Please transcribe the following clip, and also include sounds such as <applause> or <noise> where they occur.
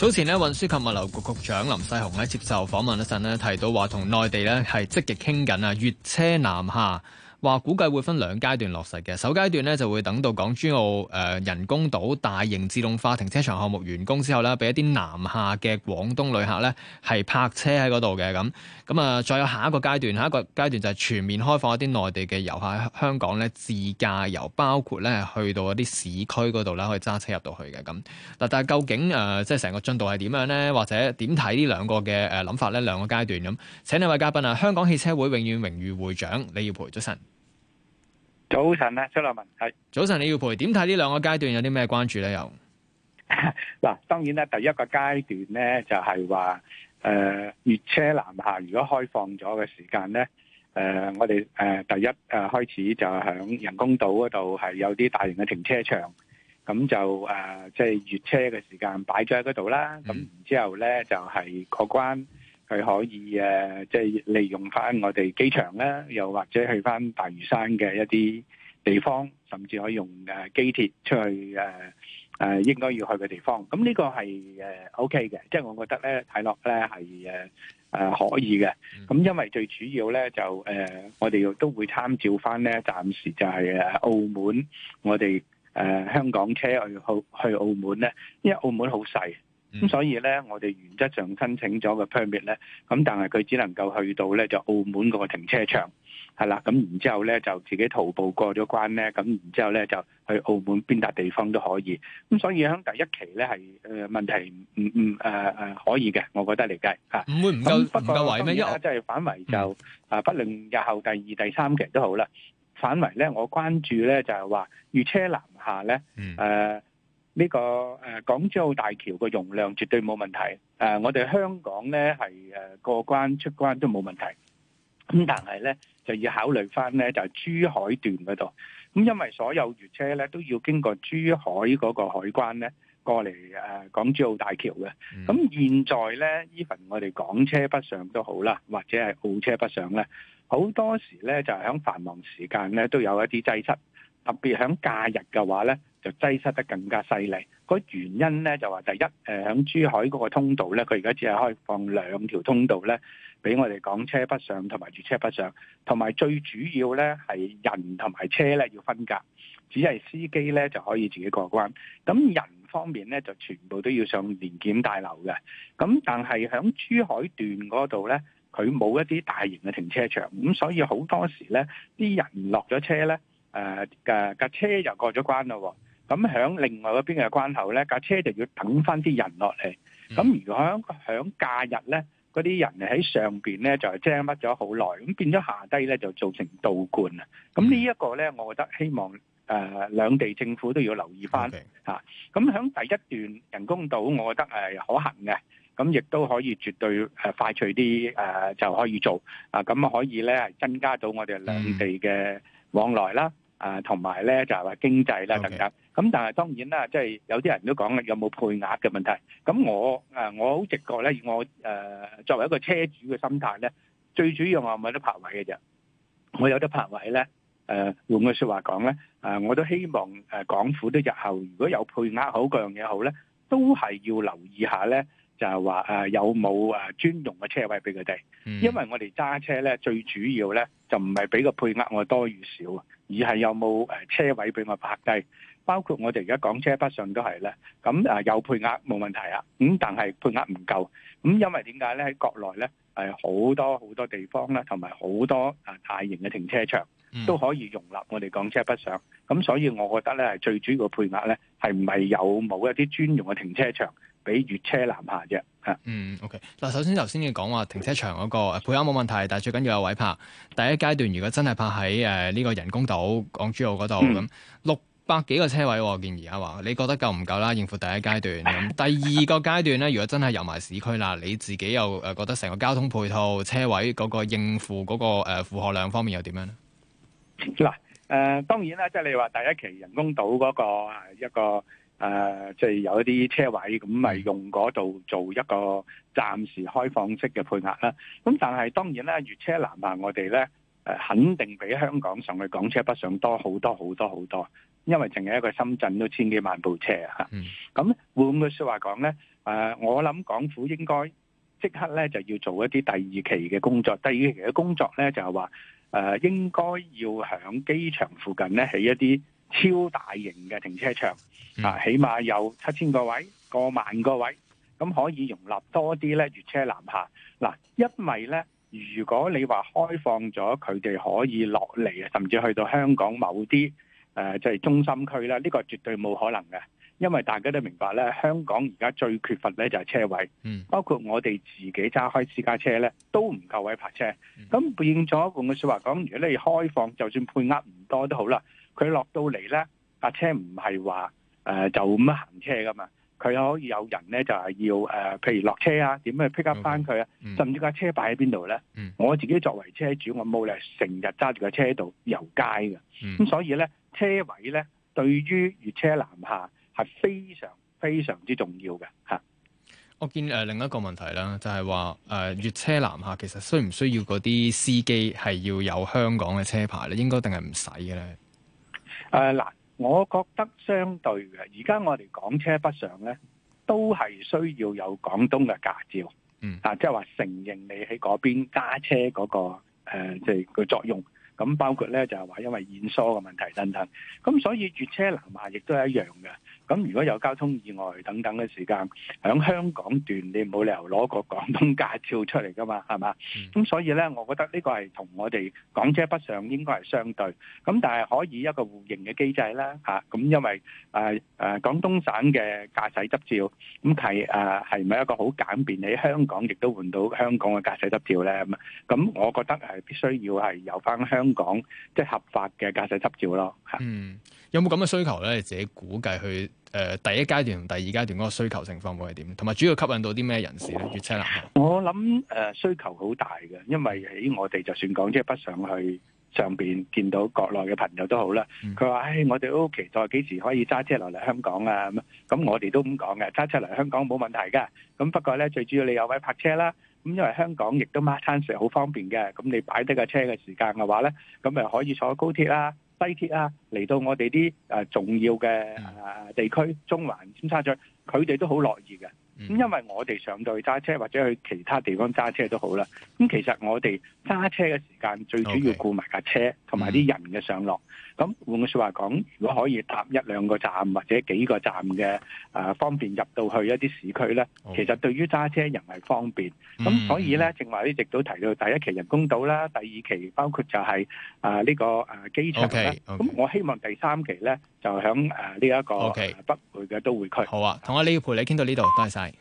早前咧，運輸及物流局局長林世雄接受訪問嗰陣咧，提到話同內地咧係積極傾緊啊粵車南下。話估計會分兩階段落實嘅，首階段咧就會等到港珠澳誒、呃、人工島大型自動化停車場項目完工之後咧，俾一啲南下嘅廣東旅客咧係泊車喺嗰度嘅咁咁啊再有下一個階段，下一個階段就係全面開放一啲內地嘅遊客喺香港咧自駕遊，包括咧去到一啲市區嗰度啦，可以揸車入到去嘅咁嗱，但係究竟誒即係成個進度係點樣咧？或者點睇呢兩個嘅誒諗法咧？兩個階段。咁，請兩位嘉賓啊，香港汽車會永遠榮譽會長李耀培先生。早晨。早晨啊，張立文係。早晨，李耀培。點睇呢兩個階段有啲咩關注咧？又嗱，當然咧，第一個階段咧就係話，誒、呃，粵車南下如果開放咗嘅時間咧，誒、呃，我哋誒、呃，第一誒開始就喺人工島嗰度係有啲大型嘅停車場，咁就誒，即係粵車嘅時間擺咗喺嗰度啦，咁之、嗯、後咧就係、是、過關。佢可以誒，即係利用翻我哋機場咧，又或者去翻大嶼山嘅一啲地方，甚至可以用誒機鐵出去誒誒應該要去嘅地方。咁、這、呢個係誒 OK 嘅，即係我覺得咧睇落咧係誒誒可以嘅。咁因為最主要咧就誒，我哋都會參照翻咧，暫時就係誒澳門，我哋誒香港車去去去澳門咧，因為澳門好細。咁、嗯、所以咧，我哋原則上申請咗個 permit 咧，咁但係佢只能夠去到咧就澳門嗰個停車場，係啦，咁然之後咧就自己徒步過咗關咧，咁然之後咧就去澳門邊笪地方都可以。咁、嗯、所以喺第一期咧係誒問題唔唔誒誒可以嘅，我覺得嚟計嚇，唔、啊、會唔夠唔夠位咩？但因為即係範圍就、嗯、啊，不論日後第二、第三期都好啦。範圍咧，我關注咧就係話粵車南下咧誒。呃嗯呢個誒港珠澳大橋個容量絕對冇問題，誒我哋香港咧係誒過關出關都冇問題。咁但係咧就要考慮翻咧就係珠海段嗰度，咁因為所有粵車咧都要經過珠海嗰個海關咧過嚟誒港珠澳大橋嘅。咁現在咧 even 我哋港車北上都好啦，或者係澳車北上咧，好多時咧就係喺繁忙時間咧都有一啲擠塞，特別喺假日嘅話咧。就擠塞得更加犀利，個原因咧就話第一誒，喺珠海嗰個通道咧，佢而家只係開放兩條通道咧，俾我哋港車北上同埋粵車北上，同埋最主要咧係人同埋車咧要分隔，只係司機咧就可以自己過關，咁人方面咧就全部都要上年檢大樓嘅，咁但係喺珠海段嗰度咧，佢冇一啲大型嘅停車場，咁所以好多時咧啲人落咗車咧，誒嘅架車就過咗關咯、哦。咁喺另外嗰邊嘅關口咧，架車就要等翻啲人落嚟。咁如果喺喺假日咧，嗰啲人喺上面咧就係遮乜咗好耐，咁變咗下低咧就造成倒灌啊！咁呢一個咧，我覺得希望誒、呃、兩地政府都要留意翻嚇。咁喺第一段人工島，我覺得誒可行嘅，咁亦都可以絕對快脆啲誒就可以做啊！咁可以咧增加到我哋兩地嘅往來啦，嗯、啊同埋咧就係、是、話經濟啦等等。Okay。咁但係當然啦，即係有啲人都講嘅有冇配額嘅問題。咁我誒我好直覺咧，我誒、呃、作為一個車主嘅心態咧，最主要我咪得泊位嘅啫。我有得泊位咧，誒、呃、換句説話講咧，誒、呃、我都希望誒港府都日後如果有配額好嗰樣嘢好咧，都係要留意一下咧，就係話誒有冇誒專用嘅車位俾佢哋。嗯、因為我哋揸車咧，最主要咧就唔係俾個配額我多與少，而係有冇誒車位俾我泊低。包括我哋而家港車北上都係咧，咁有配額冇問題啊，咁但係配額唔夠，咁因為點解咧？喺國內咧，係好多好多地方啦，同埋好多大型嘅停車場都可以容納我哋港車北上，咁、嗯、所以我覺得咧係最主要配額咧係唔係有冇一啲專用嘅停車場俾粵車南下啫。吓、嗯，嗯，OK，嗱，首先頭先要講話停車場嗰個配額冇問題，但係最緊要有位泊。第一階段如果真係泊喺誒呢個人工島港珠澳嗰度咁六。百幾個車位喎，我建議啊話，你覺得夠唔夠啦？應付第一階段，咁第二個階段咧， <laughs> 如果真係遊埋市區啦，你自己又誒覺得成個交通配套車位嗰個應付嗰、那個誒負、呃、荷量方面又點樣咧？嗱，誒當然啦，即係你話第一期人工島嗰、那個一個誒，即、呃、係、就是、有一啲車位咁，咪用嗰度做一個暫時開放式嘅配額啦。咁但係當然啦，粵車南下我哋咧誒，肯定比香港上去港車北上多好多好多好多。因為淨係一個深圳都千幾萬部車啊！嚇、嗯，咁換句説話講咧，我諗港府應該即刻咧就要做一啲第二期嘅工作。第二期嘅工作咧就係話誒，應該要響機場附近咧起一啲超大型嘅停車場啊，嗯、起碼有七千個位、過萬個位，咁可以容納多啲咧粵車南下。嗱，因為，咧，如果你話開放咗佢哋可以落嚟，甚至去到香港某啲，誒，即係、呃就是、中心區啦，呢、這個絕對冇可能嘅，因為大家都明白咧，香港而家最缺乏咧就係車位，嗯，包括我哋自己揸開私家車咧都唔夠位泊車，咁、嗯、變咗換句說話講，如果你開放，就算配額唔多都好啦，佢落到嚟咧泊車唔係話誒就咁樣行車㗎嘛。佢可以有人咧，就係要誒、呃，譬如落車啊，點樣去 pick up 翻佢啊，Okay . mm. 甚至架車擺喺邊度咧。Mm. 我自己作為車主，我冇理由成日揸住架車喺度遊街嘅，咁、mm. 所以咧車位咧對於粵車南下係非常非常之重要嘅嚇。我見誒、呃、另一個問題啦，就係話誒粵車南下其實需唔需要嗰啲司機係要有香港嘅車牌咧？應該定係唔使嘅咧？誒嗱、呃。我覺得相對嘅，而家我哋港車北上咧，都係需要有廣東嘅駕照，嗯，啊，即係話承認你喺嗰邊揸車嗰個誒，即係個作用。咁包括咧就係話，因為線疏嘅問題等等。咁所以粵車南下亦都係一樣嘅。咁如果有交通意外等等嘅時間，喺香港段你冇理由攞個廣東駕照出嚟噶嘛，係嘛？咁所以咧，我覺得呢個係同我哋港車北上應該係相對，咁但係可以一個互認嘅機制啦，嚇咁因為誒誒廣東省嘅駕駛執照，咁係誒係咪一個好簡便喺香港亦都換到香港嘅駕駛執照咧？咁，咁我覺得係必須要係有翻香港即係合法嘅駕駛執照咯，嚇。嗯，有冇咁嘅需求咧？你自己估計去。誒、呃、第一階段同第二階段嗰個需求情況會係點？同埋主要吸引到啲咩人士咧？粵車南下，我諗誒、呃、需求好大嘅，因為喺我哋就算講即係不想去上邊見到國內嘅朋友都好啦。佢話、嗯：，唉，我哋都期待幾時可以揸車落嚟香港啊！咁、嗯，咁我哋都咁講嘅，揸車嚟香港冇問題嘅。咁不過咧，最主要你有位泊車啦。咁因為香港亦都 match t 好方便嘅，咁你擺低個車嘅時間嘅話咧，咁咪可以坐高鐵啦。西鐵啊，嚟到我哋啲誒重要嘅誒地區，中環、尖沙咀，佢哋都好樂意嘅。咁、嗯、因為我哋上到去揸車，或者去其他地方揸車都好啦。咁其實我哋揸車嘅時間最主要顧埋架車同埋啲人嘅上落。咁、嗯、換句說話講，如果可以搭一兩個站或者幾個站嘅、呃、方便入到去一啲市區呢，嗯、其實對於揸車人係方便。咁、嗯、所以呢，正話一直都提到第一期人工島啦，第二期包括就係啊呢個誒機場啦。咁、嗯 okay, okay, 我希望第三期呢。就喺誒呢一個北匯嘅都會區。Okay. 好啊，同阿李耀培傾到呢度，多謝晒。